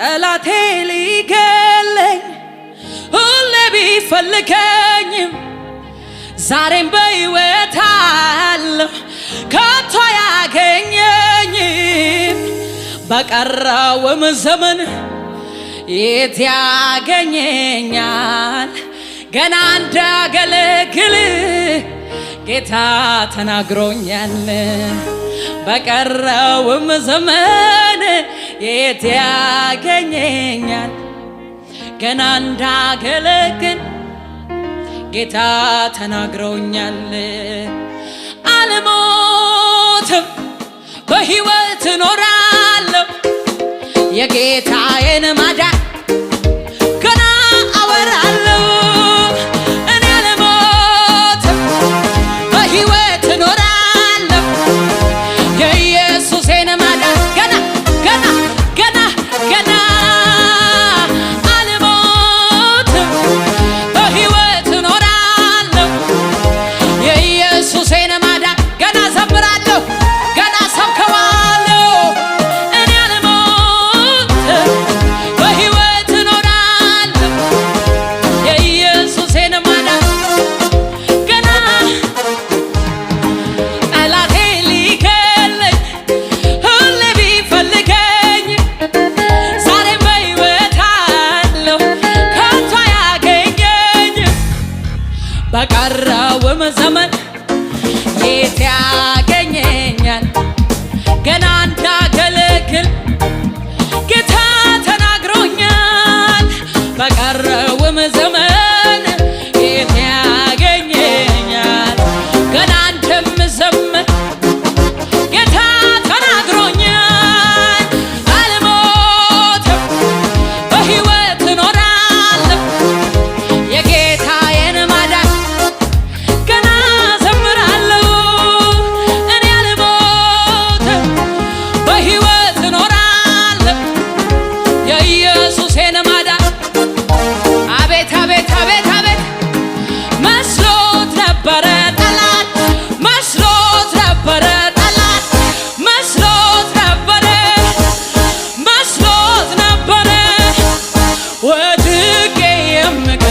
ጠላቴ ሊገለኝ ሁሌ ቢፈልገኝም ዛሬም በሕይወት አለሁ ከቶ ያገኘኝም በቀረውም ዘመን የት ያገኘኛል? ገና እንዳገለግል ጌታ ተናግሮኛል። በቀረውም ዘመን የት ያገኘኛል? ገና እንዳገለግል ጌታ ተናግረውኛል። አልሞትም በሕይወት እኖራለሁ የጌታዬን ማዳን በቀረውም ዘመን የት ያገኘኛል? ገና እንዳገለግል ጌታ ተናግሮኛል። በቀረ የኢየሱሴን ማዳን አቤት አቤት አቤት አቤት መስሎት ነበረ ጠላት መስሎት ነበረ ጠላት መስሎት ነበረ መስሎት ነበረ ወድቄ የምቀ